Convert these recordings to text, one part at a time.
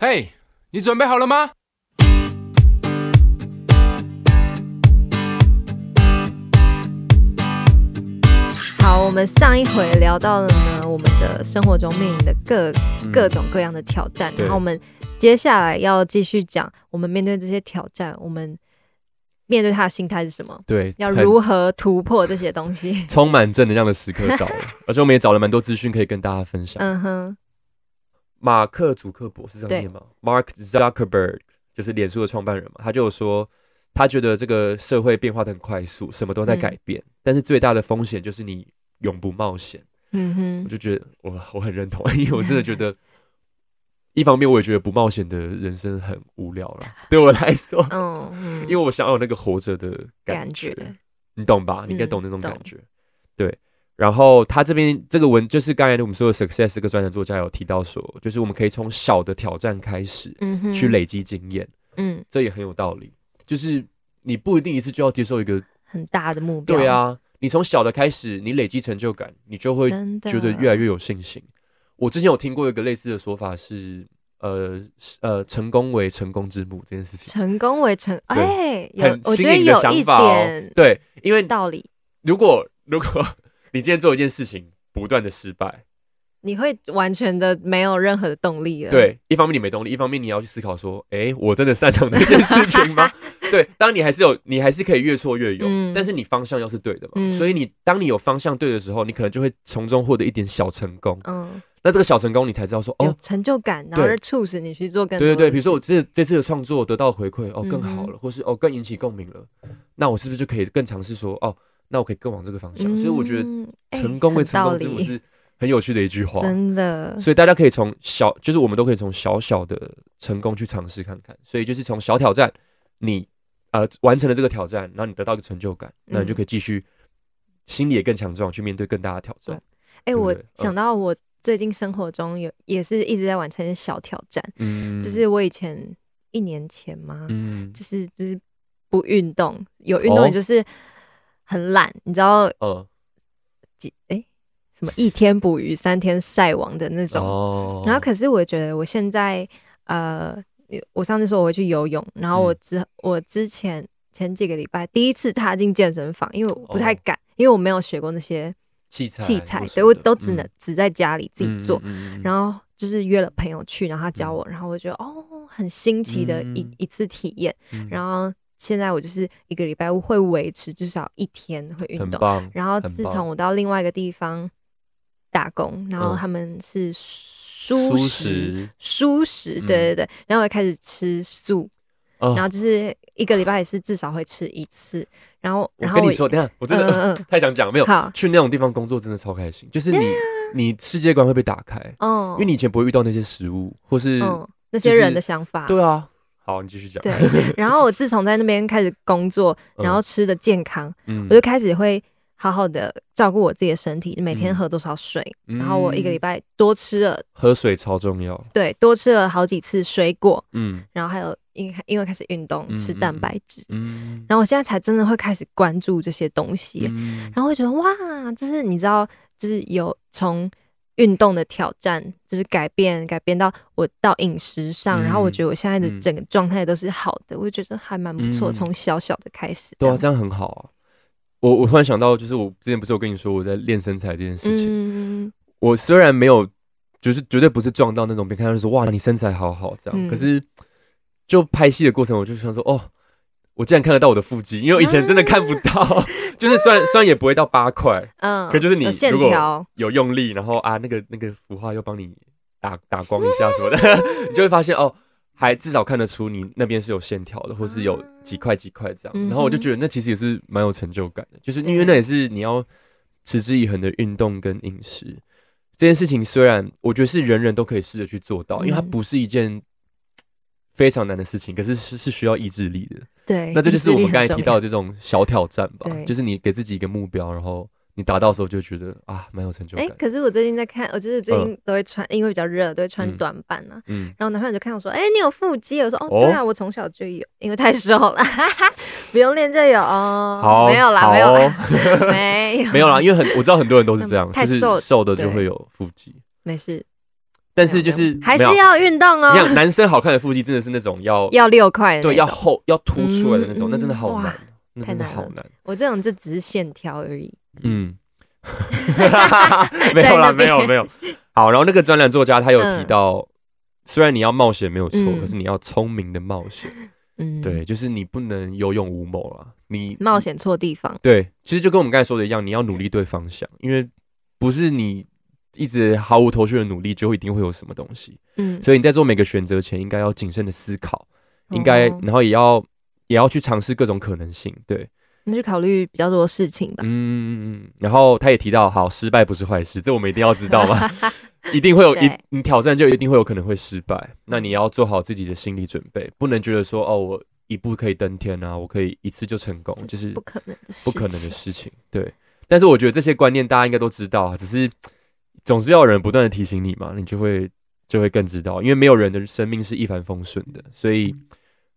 嘿，hey, 你準備好了嗎？好，我們上一回聊到了呢，我們的生活中面臨的各各種各樣的挑戰，嗯、然後我們接下來要繼續講，我們面對這些挑戰，我們面對他的心態是什麼？對，要如何突破這些東西？太 充滿正能量的時刻找了， 而且我們也找了蠻多資訊可以跟大家分享。嗯哼。馬克·祖克伯是這樣念嗎對？Mark Zuckerberg 就是臉書的創辦人嘛，他就說，他覺得這個社會變化的很快速，什麼都在改變，嗯、但是最大的風險就是你永不冒險。嗯哼，我就覺得我我很認同，因為我真的覺得， 一方面我也覺得不冒險的人生很無聊啦， 對我來說，哦、嗯，因為我想要有那個活着的感覺，感覺你懂吧？嗯、你應該懂那種感覺，懂對。然後他這邊這個文就是剛才我們說的 Success 這個專欄作家有提到說，就是我們可以從小的挑戰開始，嗯哼，去累積經驗，嗯哼，這也很有道理。就是你不一定一次就要接受一個很大的目標，對啊，你從小的開始，你累積成就感，你就會覺得越來越有信心。的我之前有聽過一個類似的說法是，呃呃，成功為成功之母這件事情，成功為成，對哎，很哦、我覺得有一點對，因為道理，如果如果。你今天做一件事情，不斷的失敗，你會完全的沒有任何的動力了。對，一方面你沒動力，一方面你要去思考說，哎、欸，我真的擅長這件事情嗎？ 對，當然你還是有，你還是可以越挫越勇，嗯、但是你方向要是對的嘛。嗯、所以你當你有方向對的時候，你可能就會從中獲得一點小成功。嗯，那這個小成功，你才知道說，哦，有成就感，然後促對使你去做更多的。對，對對，比如說我這這次的創作得到回饋哦，更好了，嗯、或是哦更引起共鳴了，那我是不是就可以更嘗試說哦？那我可以更往這個方向，嗯、所以我覺得成功為成功之母，欸，很是很有趣的一句話，真的。所以大家可以從小，就是我們都可以從小小的成功去嘗試看看。所以就是從小挑戰，你呃完成了這個挑戰，然後你得到一個成就感，那，嗯，你就可以繼續，心裡也更強壯，去面對更大的挑戰。哎，欸，對對，我想到我最近生活中有也是一直在完成小挑戰，嗯，就是我以前一年前嘛，嗯，就是，就是就是不運動，有運動就是、哦。很懶，你知道？呃，幾誒什麼一天捕魚三天曬網的那種。然後，可是我覺得我現在，呃，我上次說我會去游泳，然後我之我之前前幾個禮拜第一次踏進健身房，因為我不太敢，因為我沒有學過那些器材，所以我都只能只在家裡自己做。然後就是約了朋友去，然後他教我，然後我覺得哦，很新奇的一一次體驗。然後。現在我就是一個禮拜，我會維持至少一天會運動。很棒，然後自從我到另外一個地方打工，然後他們是素食，素食，對對對，然後我開始吃素，然後就是一個禮拜也是至少會吃一次。然後然後我跟你說，等下我真的太想講了，沒有去那種地方工作真的超開心，就是你你世界觀會被打開，嗯，因為你以前不會遇到那些食物或是那些人的想法，對啊。好，你繼續講。對，然後我自從在那邊開始工作，然後吃的健康，我就開始會好好的照顧我自己的身體，每天喝多少水，然後我一個禮拜多吃了喝水超重要，對，多吃了好幾次水果，嗯，然後還有因因為開始運動，吃蛋白質，嗯，然後我現在才真的會開始關注這些東西，然後我覺得哇，這是你知道，就是有從。運動的挑戰就是改變，改變到我到飲食上，嗯、然後我覺得我現在的整個狀態都是好的，嗯、我覺得還蠻不錯。從、嗯、小小的開始，對啊，這樣很好啊。我我突然想到，就是我之前不是有跟你說我在練身材這件事情，嗯、我雖然沒有，就是絕對不是撞到那種別看到就說，就說哇你身材好好這樣，嗯、可是就拍戲的過程，我就想說哦。我竟然看得到我的腹肌，因為我以前真的看不到，嗯、 就是雖然雖然也不會到八塊，嗯，可就是你如果有用力，條然後啊那個那個浮化，又幫你打打光一下什麼的，嗯、 你就會發現哦，還至少看得出你那邊是有線條的，或是有幾塊幾塊這樣。嗯嗯，然後我就覺得那其實也是蠻有成就感的，就是因為那也是你要持之以恆的運動跟飲食對這件事情，雖然我覺得是人人都可以試着去做到，嗯、因為它不是一件，非常難的事情，可是是是需要意志力的。對，那這就是我們剛才提到的這種小挑戰吧，就是你給自己一個目標，然後你達到時候就覺得啊，蠻有成就感。哎，可是我最近在看，我就是最近都會穿，因為比較熱，都會穿短版啊。嗯，然後男朋友就看我說：“哎，你有腹肌？”我說：“哦，對啊，我從小就有，因為太瘦了，哈哈，不用練就有。”哦，沒有啦，沒有，沒有，沒有啦，因為很我知道很多人都是這樣，太瘦的就會有腹肌，沒事。但是就是還是要運動哦。你男生好看的腹肌真的是那種要要六塊，對，要厚要凸出來的那種，那真的好難，真的好難。我這種就只是線條而已。嗯，沒有啦，沒有沒有。好，然後那個專欄作家他有提到，雖然你要冒險沒有錯，可是你要聰明的冒險。嗯，對，就是你不能有勇無謀啊，你冒險錯地方。對，其實就跟我們剛才說的一樣，你要努力對方向，因為不是你。一直毫無頭緒的努力，就一定會有什麼東西。嗯，所以你在做每個選擇前，應該要謹慎的思考，嗯、應該，然後也要也要去嘗試各種可能性。對，那就考慮比較多事情吧。嗯，然後他也提到，好，失敗不是壞事，這我們一定要知道吧。 一定會有，一對你挑戰就一定會有可能會失敗。那你要做好自己的心理準備，不能覺得說，哦，我一步可以登天啊，我可以一次就成功，就是不可能的事情。不可能的事情。對，但是我覺得這些觀念大家應該都知道啊，只是。總是要有人不斷的提醒你嘛，你就會就會更知道，因為沒有人的生命是一帆風順的，所以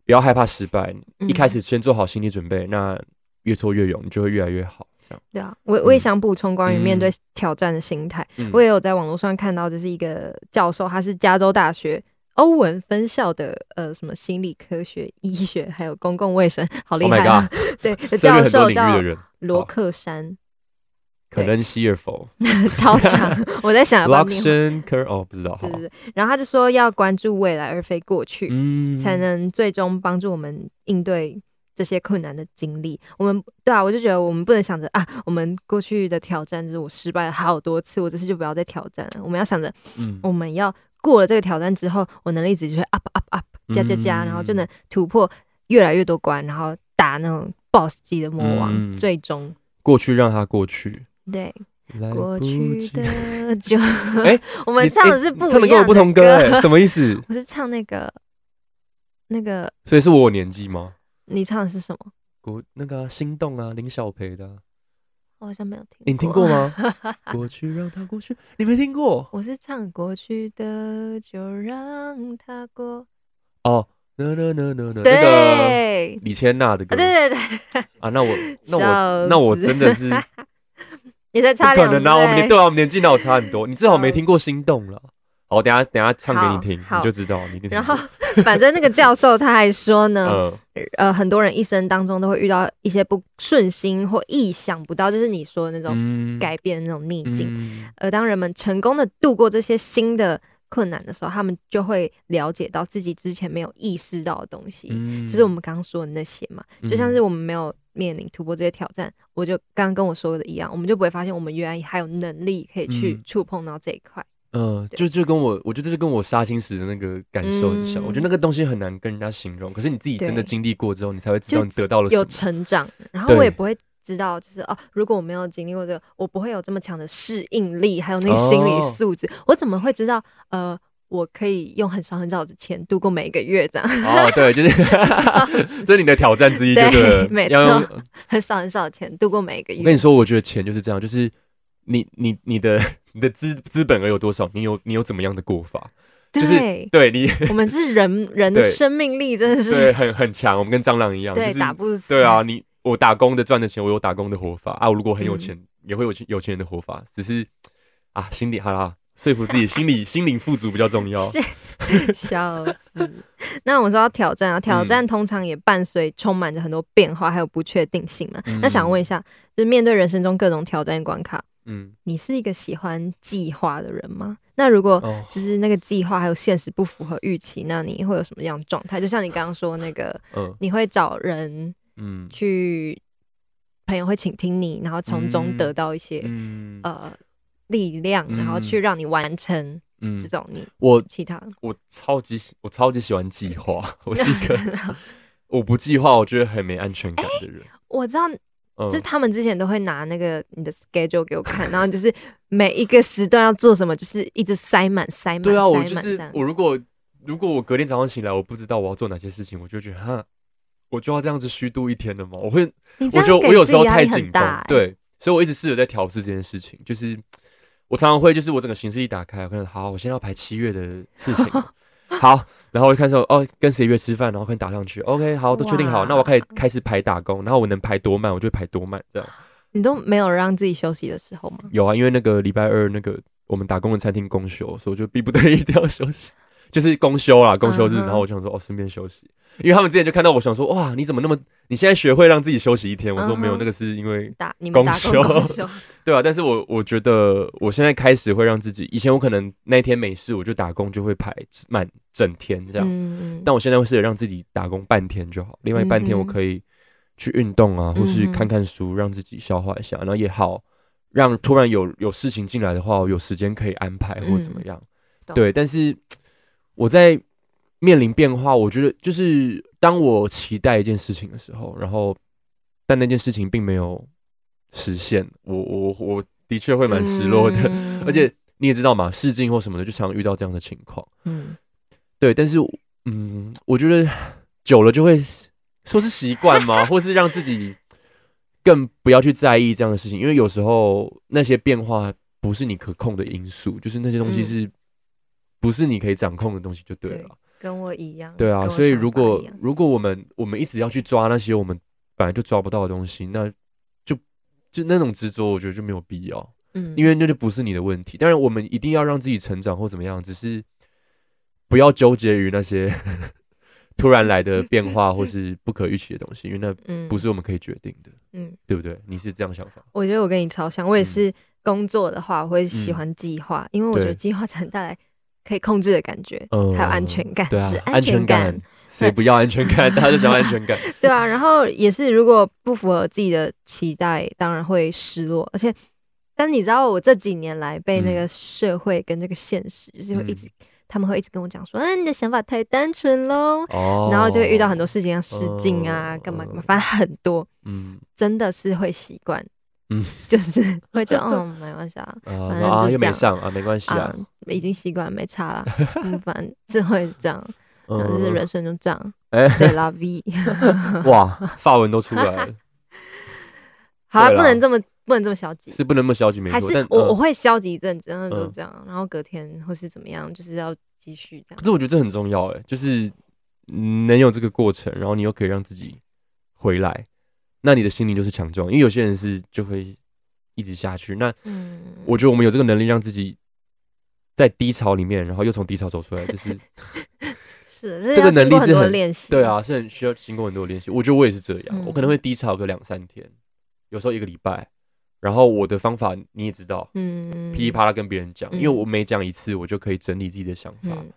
不要害怕失敗。一開始先做好心理準備，嗯、那越挫越勇，你就會越來越好。這樣對啊，我我也想補充關於面對挑戰的心態。嗯嗯嗯、我也有在網絡上看到，就是一個教授，他是加州大學歐文分校的呃什麼心理科學、醫學還有公共衛生，好厲害啊！Oh、 對，教授叫羅克山。對可能 fearful 超強，我在想，Lockson e 哦，不知道哈。然後他就說要關注未來，而非過去，嗯、才能最終幫助我們應對這些困難的經歷。我們對啊，我就覺得我們不能想着啊，我們過去的挑戰就是我失敗了好多次，我這次就不要再挑戰了。我們要想着，嗯、我們要過了這個挑戰之後，我能力值就會 up up up 加加加，嗯、然後就能突破越來越多關，然後打那種 boss 級的魔王，嗯、最終過去讓它過去。對，過去的就哎，我們唱的是不唱的，跟我不同歌，什麼意思？我是唱那個那個，所以是我年紀嗎？你唱的是什麼？古那個心動啊，林曉培的，我好像沒有聽。你聽過嗎？過去讓他過去，你沒聽過？我是唱過去的就讓他過。哦，那那那那那，對，李千娜的歌，對對對。啊，那我那我那我真的是。你在差，不可能啊，吧我們年，對啊，我們年紀老差很多。你至少沒聽過《心動》了， 好，等一下等一下唱給你聽，好你就知道。好知道然後，反正那個教授他還說呢， 呃，很多人一生當中都會遇到一些不順心或意想不到，就是你說的那種改變的那種逆境。嗯、而當人們成功的度過這些新的。困難的時候，他們就會了解到自己之前沒有意識到的東西，就、嗯、是我們剛剛說的那些嘛。嗯、就像是我們沒有面臨突破這些挑戰，嗯、我就剛剛跟我說的一樣，我們就不會發現我們原來還有能力可以去觸碰到這一塊。嗯，呃、對就就跟我，我覺得這是跟我殺青時的那個感受很像。嗯、我覺得那個東西很難跟人家形容，可是你自己真的經歷過之後，對你才會知道你得到了什麼有成長。然後我也不會。知道就是哦、啊，如果我沒有經歷過這個，我不會有這麼強的適應力，還有那個心理素質，哦、我怎麼會知道？呃，我可以用很少很少的錢度過每一個月這樣。哦，對，就是 這是你的挑戰之一，對對？沒錯，就是，很少很少的錢度過每一個月。我跟你說，我覺得錢就是這樣，就是你你你的你的資資本額有多少，你有你有怎麼樣的過法？對，就是、對你，我們是人人的生命力真的是對，對很很強，我們跟蟑螂一樣，對打不死。對啊，你。我打工的賺的錢，我有打工的活法啊！我如果很有錢，嗯、也會有錢有錢人的活法。只是啊，心裡好了，說服自己，心裡 心靈富足比較重要。笑死！那我們說到挑戰啊，挑戰通常也伴隨充滿着很多變化，還有不確定性嘛。嗯、那想問一下，就是面對人生中各種挑戰關卡，嗯，你是一個喜歡計劃的人嗎？那如果就是那個計劃還有現實不符合預期，那你會有什麼樣的狀態？就像你剛剛說那個，嗯、你會找人。嗯，去朋友會傾聽你，然後從中得到一些呃力量，然後去讓你完成這種你我其他我超級喜我超級喜歡計劃，我是一個我不計劃我覺得很沒安全感的人。我知道，就是他們之前都會拿那個你的 schedule 給我看，然後就是每一個時段要做什麼，就是一直塞滿塞滿。對啊，我就是我如果如果我隔天早上醒來，我不知道我要做哪些事情，我就覺得哈。我就要這樣子虛度一天了嗎？我會，欸、我就，我有時候太緊繃，對，所以我一直試着在調適這件事情。就是我常常會，就是我整個行事曆打開，我可能好，我現在要排七月的事情， 好，然後我就看到哦，跟誰約吃飯，然後可以打上去，OK，好，都確定好，那哇我可以開始排打工，然後我能排多慢，我就會排多慢，這樣。你都沒有讓自己休息的時候嗎？有啊，因為那個禮拜二那個我們打工的餐廳公休，所以我就逼不得已一定要休息， 就是公休啦，公休日，然後我就想說哦，順便休息。因為他們之前就看到我想說，哇，你怎麼那麼？你現在學會讓自己休息一天？嗯、哼我說沒有，那個是因為你們打你打工， 對吧、啊？但是我我覺得我現在開始會讓自己，以前我可能那一天沒事我就打工就會排滿整天這樣，嗯嗯，但我現在會試着讓自己打工半天就好，嗯嗯，另外半天我可以去運動啊，或是看看書，讓自己消化一下，嗯嗯，然後也好讓突然有有事情進來的話，我有時間可以安排或怎麼樣。嗯嗯，對，懂但是我在。面臨變化，我覺得就是當我期待一件事情的時候，然後但那件事情並沒有實現，我我我的確會蠻失落的。而且你也知道嘛，試鏡或什麼的，就常遇到這樣的情況。嗯，對，但是嗯，我覺得久了就會說是習慣嘛，或是讓自己更不要去在意這樣的事情，因為有時候那些變化不是你可控的因素，就是那些東西是不是你可以掌控的東西，就對了。跟我一樣，對啊，所以如果如果我們我們一直要去抓那些我們本來就抓不到的東西，那就就那種執着，我覺得就沒有必要，嗯，因為那就不是你的問題。當然，我們一定要讓自己成長或怎麼樣，只是不要糾結於那些 突然來的變化或是不可預期的東西， 因為那不是我們可以決定的，嗯，對不對？你是這樣想法？我覺得我跟你超像，我也是工作的話，我會、嗯、喜歡計劃，嗯、因為我覺得計劃才能帶來。可以控制的感覺，嗯、還有安全感，對啊、是安全感。誰不要安全感？大家都想要安全感， 對啊。然後也是，如果不符合自己的期待，當然會失落。而且，但你知道，我這幾年來被那個社會跟這個現實，就是會一直，嗯、他們會一直跟我講說：“哎、嗯啊，你的想法太單純嘍。哦”然後就會遇到很多事情，要失禁啊，幹、哦、嘛幹嘛，反正很多，嗯，真的是會習慣。嗯，就是會就嗯，沒關係啊，啊，反正就這樣啊，沒關係啊，已經習慣沒差了，嗯，反正會這樣，就是人生就這樣。哎，C'est la vie？哇，法文都出來了。好了，不能這麼，不能這麼消極，是不能這麼消極，沒錯。還是我我會消極一陣子，然後就這樣，然後隔天或是怎麼樣，就是要繼續這樣。可是我覺得這很重要，哎，就是能有這個過程，然後你又可以讓自己回來。那你的心靈就是強壯，因為有些人是就會一直下去。那我覺得我們有這個能力讓自己在低潮裡面，然後又從低潮走出來，就是 是的這個能力是很，是很多練習。對啊，是很需要經過很多練習。我覺得我也是這樣，嗯、我可能會低潮個兩三天，有時候一個禮拜。然後我的方法你也知道，噼、嗯、里啪啦跟別人講，嗯、因為我每講一次，我就可以整理自己的想法。嗯、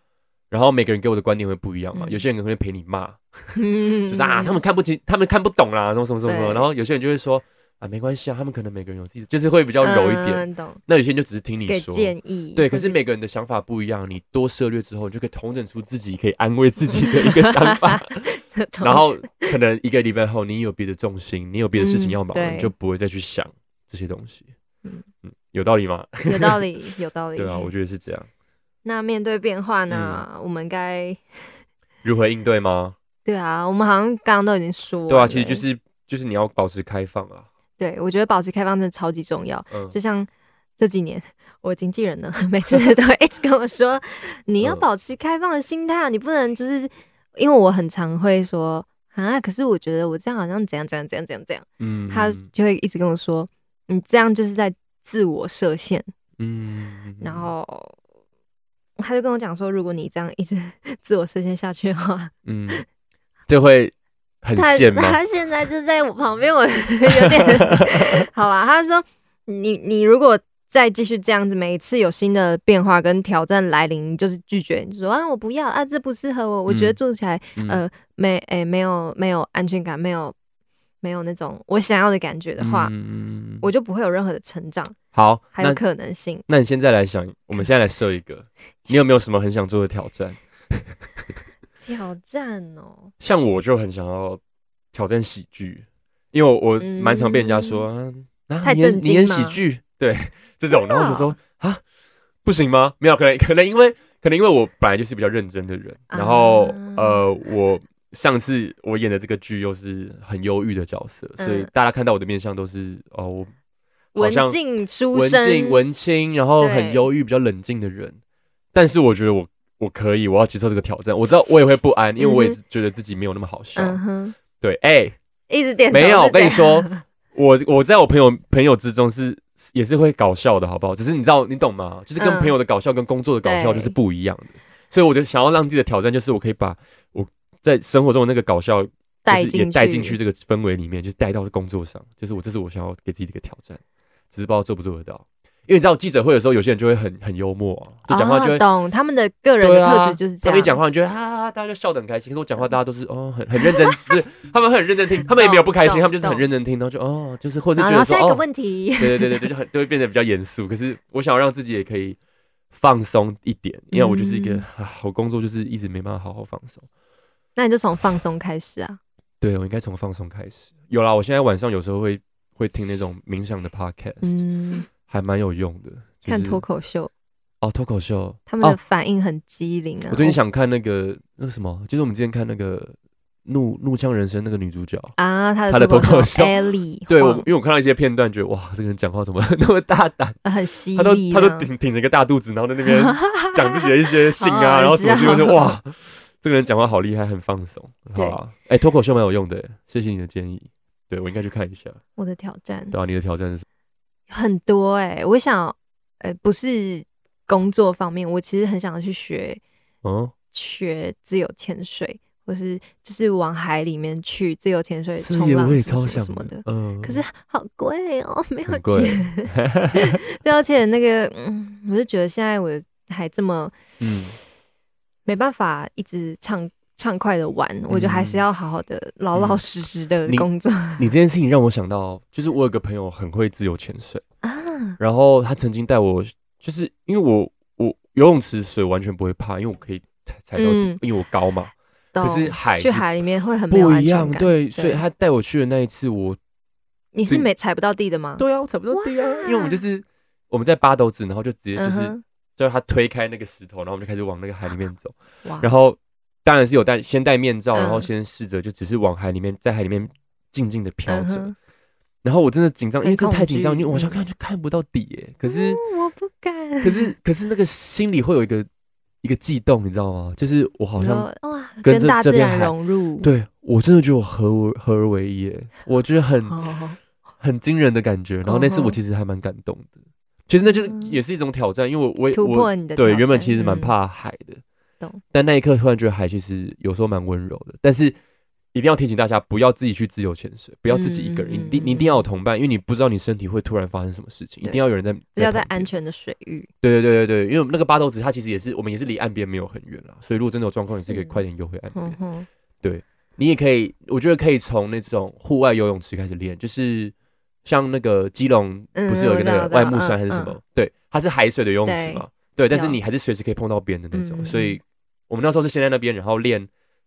然後每個人給我的觀點會不一樣嘛，嗯、有些人可能會陪你罵。嗯，就是啊，他們看不清，他們看不懂啦。然後什麼什麼什麼，然後有些人就會說啊，沒關係啊，他們可能每個人有自己的，就是會比較柔一點。那有些人就只是聽你說建議。對，可是每個人的想法不一樣，你多涉獵之後，就可以統整出自己可以安慰自己的一個想法。然後可能一個禮拜後，你有別的重心，你有別的事情要忙，你就不會再去想這些東西。嗯嗯，有道理嗎？有道理，有道理。對啊，我覺得是這樣。那面對變化呢？我們該如何應對嗎？對啊，我們好像剛剛都已經說了。對啊，其實就是就是你要保持開放啊。對，我覺得保持開放真的超級重要。嗯、就像這幾年，我經紀人呢，每次都會一直跟我說， 你要保持開放的心態，嗯、你不能就是因為我很常會說啊，可是我覺得我這樣好像怎樣怎樣怎樣怎樣怎樣，嗯哼，他就會一直跟我說，你這樣就是在自我設限。嗯哼。然後，他就跟我講說，如果你這樣一直自我設限下去的話，嗯。就會很羨慕。他現在就在我旁邊，我有點 好吧、啊。他說：“你你如果再繼續這樣子，每一次有新的變化跟挑戰來臨，你就是拒絕，你就說啊，我不要啊，這不適合我。我覺得做起來、嗯、呃沒哎、欸、沒有沒有安全感，沒有沒有那種我想要的感覺的話，嗯、我就不會有任何的成長。好，還有可能性那。那你現在來想，我們現在來設一個，你有沒有什麼很想做的挑戰？” 挑戰哦！像我就很想要挑戰喜劇，因為我蠻常被人家說，然後、嗯啊、你演喜劇，對這種，然後我就說啊、哦，不行嗎？沒有，可能可能因為可能因為我本來就是比較認真的人，嗯、然後呃，我上次我演的這個劇又是很憂鬱的角色，嗯、所以大家看到我的面相都是哦，像文靜書生，文靜文青，然後很憂鬱、比較冷靜的人，對但是我覺得我。我可以，我要接受這個挑戰。我知道我也會不安，因為我也是覺得自己沒有那麼好笑。嗯、哼對，哎、欸，一直點，沒有。我跟你說，我我在我朋友朋友之中是也是會搞笑的，好不好？只是你知道，你懂嗎？就是跟朋友的搞笑、嗯、跟工作的搞笑就是不一樣的。對所以，我就想要讓自己的挑戰，就是我可以把我在生活中的那個搞笑帶也帶進去這個氛圍裡面，就是帶到工作上。就是我這是我想要給自己的一個挑戰，只是不知道做不做得到。因為你知道記者會的時候，有些人就會很很幽默啊，就講話就會、哦、懂他們的個人的特質就是這樣。講你講話，你覺得啊，大家都笑得很開心。可是我講話，大家都是、嗯、哦，很很認真， 就是他們很認真聽，他們也沒有不開心，他們就是很認真聽，然後就哦，就是或者是覺得說哦，下一個問題，對、哦、對對對對，就很就會變得比較嚴肅。可是我想要讓自己也可以放鬆一點，因為我就是一個好、嗯、工作就是一直沒辦法好好放鬆。那你就從放鬆開始啊？對，我應該從放鬆開始。有啦，我現在晚上有時候會會聽那種冥想的 podcast、嗯。還蠻有用的，看脫口秀哦，脫口秀，他們的反應很機靈啊。我最近想看那個那個什麼，就是我們之前看那個《怒怒嗆人生》那個女主角啊，她的她的脫口秀，對，我因為我看到一些片段，覺得哇，這個人講話怎麼那麼大膽，很犀利，她都她都頂頂着一個大肚子，然後在那邊講自己的一些性啊，然後我就覺得哇，這個人講話好厲害，很放鬆，對。哎，脫口秀蠻有用的，謝謝你的建議，對，我應該去看一下。我的挑戰，對啊，你的挑戰是什麼？很多欸，我想，呃，不是工作方面，我其實很想去學，嗯，學自由潛水，或是就是往海裡面去自由潛水、衝浪什麼什麼的。嗯，可是好貴喔，沒有錢。對，而且那個，嗯，我就覺得現在我還這麼，嗯，沒辦法一直唱歌。暢快的玩，我覺得還是要好好的、老老實實的工作。你這件事情讓我想到，就是我有個朋友很會自由潛水啊，然後他曾經帶我，就是因為我我游泳池水完全不會怕，因為我可以踩到底，因為我高嘛。可是海去海裡面會很不一樣，對。所以他帶我去的那一次，我你是沒踩不到地的嗎？對啊，我踩不到地啊，因為我們就是我們在八斗子，然後就直接就是叫他推開那個石頭，然後我們就開始往那個海裡面走，然後。當然是有戴，先戴面罩，然後先試着就只是往海裡面，在海裡面靜靜的飄着，然後我真的緊張，因為這太緊張，你往下看就看不到底耶。可是我不敢。可是可是那個心裡會有一個一個悸動，你知道嗎？就是我好像哇，跟着這融海。對，我真的覺得我合合而為一耶，我覺得很很驚人的感覺。然後那次我其實還蠻感動的，其實那就是也是一種挑戰，因為我我我對原本其實蠻怕海的。但那一刻突然覺得海其實有時候蠻溫柔的，但是一定要提醒大家不要自己去自由潛水，不要自己一個人，一定、嗯嗯、你，你一定要有同伴，因為你不知道你身體會突然發生什麼事情，對一定要有人在，在要在安全的水域。對對對對對，因為我們那個八斗子，它其實也是我們也是離岸邊沒有很遠啦，啊，所以如果真的有狀況，你是可以快點游回岸邊。呵呵對你也可以，我覺得可以從那種戶外游泳池開始練，就是像那個基隆不是有一個外木山還是什麼？嗯、嗯嗯對，它是海水的游泳池嘛？對，但是你還是隨時可以碰到邊的那種，嗯嗯所以。我們那時候是先在那邊，然後練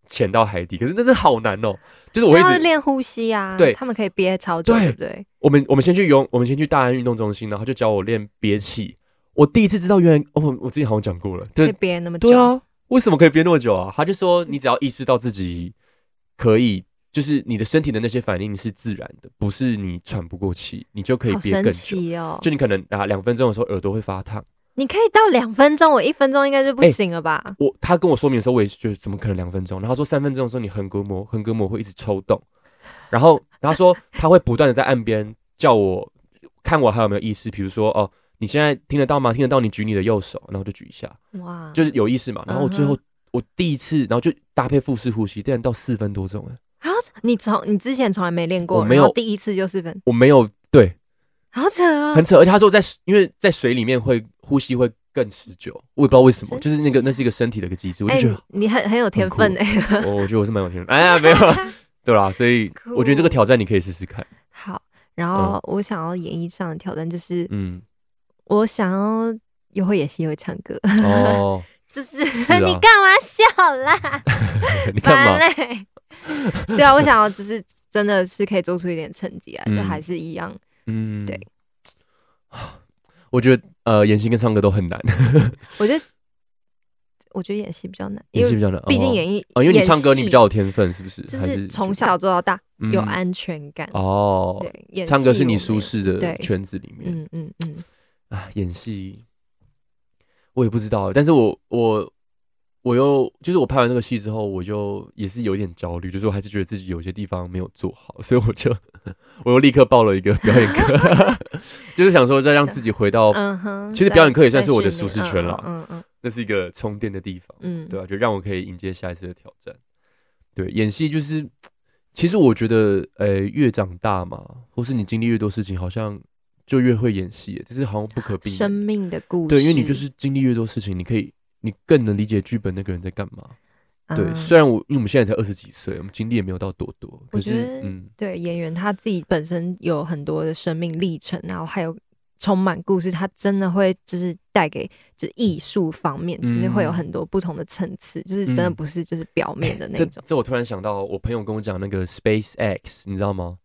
潛到海底，可是那是好難哦，就是我一直練呼吸啊。對，他們可以憋超久，對、對、對不對？我們我們先去游泳，我們先去大安運動中心，然後他就教我練憋氣。我第一次知道原來，哦，我自己好像講過了，對，憋那麼久，對、啊、為什麼可以憋那麼久啊？他就說，你只要意識到自己、嗯、可以，就是你的身體的那些反應是自然的，不是你喘不過氣，你就可以憋更久。哦、就你可能啊，兩分鐘的時候耳朵會發燙。你可以到兩分鐘，我一分鐘應該就不行了吧？欸、我他跟我說明的時候，我也覺得怎麼可能兩分鐘？然後他說三分鐘的時候，你橫膈膜，橫膈膜會一直抽動。然後他說他會不斷的在岸邊叫我，看我還有沒有意識，比如說哦，你現在聽得到嗎？聽得到？你舉你的右手，然後就舉一下，哇，就是有意識嘛。然後我最後、嗯、哼我第一次，然後就搭配腹式呼吸，竟然到四分多鐘了。啊，你從你之前從來沒練過，我沒有第一次就四分，我沒有對。好扯啊，很扯！而且他說在，因為在水裡面會呼吸會更持久，我也不知道為什麼，就是那個那是一個身體的一個機制。我就覺得你很很有天分誒，我我覺得我是蠻有天分。哎呀，沒有，對啦，所以我覺得這個挑戰你可以試試看。好，然後我想要演藝上的挑戰就是，嗯，我想要又會演戲又會唱歌，哦，就是你幹嘛笑啦？你幹嘛？對啊，我想要就是真的是可以做出一點成績來，就還是一樣。嗯，對，我覺得呃，演戲跟唱歌都很難。我覺得，我覺得演戲比較難，演戲比較難，畢竟演藝哦，因為你唱歌你比較有天分，是不是？就是從小做到大，有安全感哦。對，唱歌是你舒適的圈子裡面，嗯嗯嗯。啊，演戲我也不知道，但是我我。我又就是我拍完這個戲之後，我就也是有點焦慮，就是我還是覺得自己有些地方沒有做好，所以我就 我又立刻報了一個表演課， 就是想說再讓自己回到，嗯、哼其實表演課也算是我的舒適圈了，嗯嗯嗯、那是一個充電的地方，對吧、啊？就讓我可以迎接下一次的挑戰。嗯、對，演戲就是，其實我覺得，呃、欸，越長大嘛，或是你經歷越多事情，好像就越會演戲，這是好像不可避免。生命的故事，對，因為你就是經歷越多事情，你可以。你更能理解劇本那個人在幹嘛？Uh, 對，雖然我因為、嗯、我們現在才二十幾歲，我們經歷也沒有到多多，可是我覺得嗯，對演員他自己本身有很多的生命歷程，然後還有充滿故事，他真的會就是帶給就是藝術方面，嗯、就是會有很多不同的層次，就是真的不是就是表面的那種。嗯欸、這，這我突然想到，我朋友跟我講那個 SpaceX，你知道嗎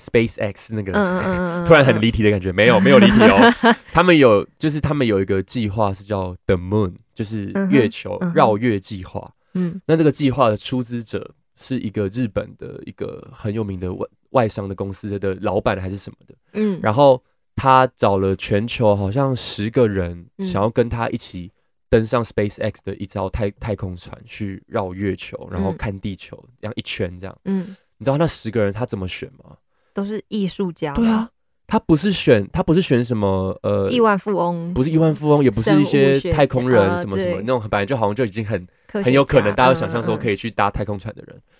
？SpaceX 那個、嗯嗯、 突然很離題的感覺，嗯、沒有沒有離題哦， 他們有就是他們有一個計劃是叫 The Moon。就是月球繞月計劃，嗯，嗯，嗯，那這個計劃的出資者是一個日本的一個很有名的外外商的公司的老板還是什麼的，嗯，然後他找了全球好像十個人，想要跟他一起登上 SpaceX 的一艘太太空船去繞月球，然後看地球，嗯，這樣一圈這樣，嗯，你知道那十個人他怎麼選嗎？都是藝術家，對啊。他不是選，他不是選什麼呃億萬富翁，不是億萬富翁，也不是一些太空人什麼什麼，什麼、呃、那種，本來就好像就已經很很有可能，大家想象說可以去搭太空船的人。嗯嗯、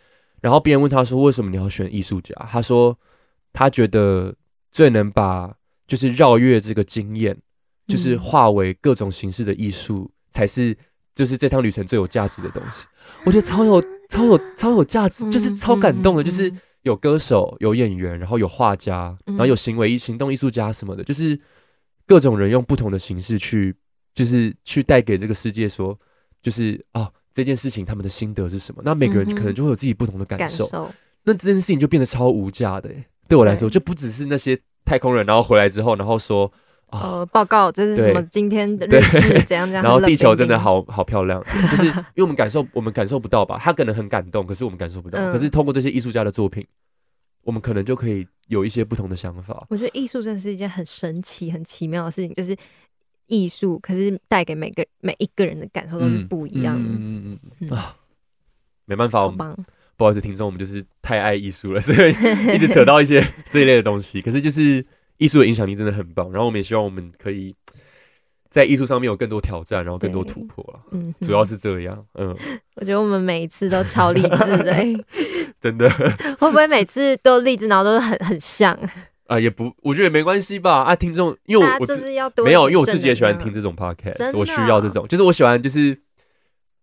然後別人問他說：“為什麼你要選藝術家？”他說：“他覺得最能把就是繞月這個經驗，嗯、就是化為各種形式的藝術，才是就是這趟旅程最有價值的東西。” 我覺得超有超有超有價值，嗯、就是超感動的，嗯、就是。有歌手、有演員，然後有畫家，然後有行為、行動藝術家什麼的，嗯、哼就是各種人用不同的形式去，就是去帶給這個世界說，就是啊這件事情他們的心得是什麼？那每個人可能就會有自己不同的感受，嗯、感受那這件事情就變得超無價的耶。對我來說，對就不只是那些太空人，然後回來之後，然後說。哦，報告，這是什麼？對今天的日記怎，怎樣？怎樣，然後地球真的好好漂亮， 就是因為我們感受，我們感受不到吧？他可能很感動，可是我們感受不到。嗯、可是通過這些藝術家的作品，我們可能就可以有一些不同的想法。我覺得藝術真的是一件很神奇、很奇妙的事情，就是藝術，可是帶給每個每一個人的感受都是不一樣的。啊，沒辦法，棒我們不好意思，聽眾，我們就是太愛藝術了，所以一直扯到一些這一類的東西。 可是就是。藝術的影響力真的很棒，然後我們也希望我們可以在藝術上面有更多挑戰，然後更多突破，啊、嗯，主要是這樣。嗯，我覺得我們每一次都超勵志的，欸， 真的。會不會每次都勵志，然後都是很很像？啊、呃，也不，我覺得也沒關係吧。啊，聽眾，因為我就是要多沒有，因為我自己也喜歡聽這種 podcast，的我需要這種，就是我喜歡，就是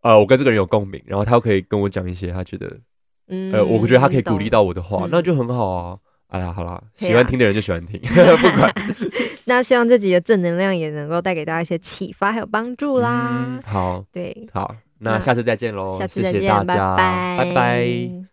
呃，我跟這個人有共鳴，然後他又可以跟我講一些他覺得，嗯、呃，我覺得他可以鼓勵到我的話，嗯、那就很好啊。哎呀，好了，喜歡聽的人就喜歡聽，啊、 不管。 那希望這集的正能量也能夠帶給大家一些啟發，還有幫助啦。嗯、好，對，好，那下次再見嘍，下次再見，謝謝大家，拜拜。拜拜。拜拜。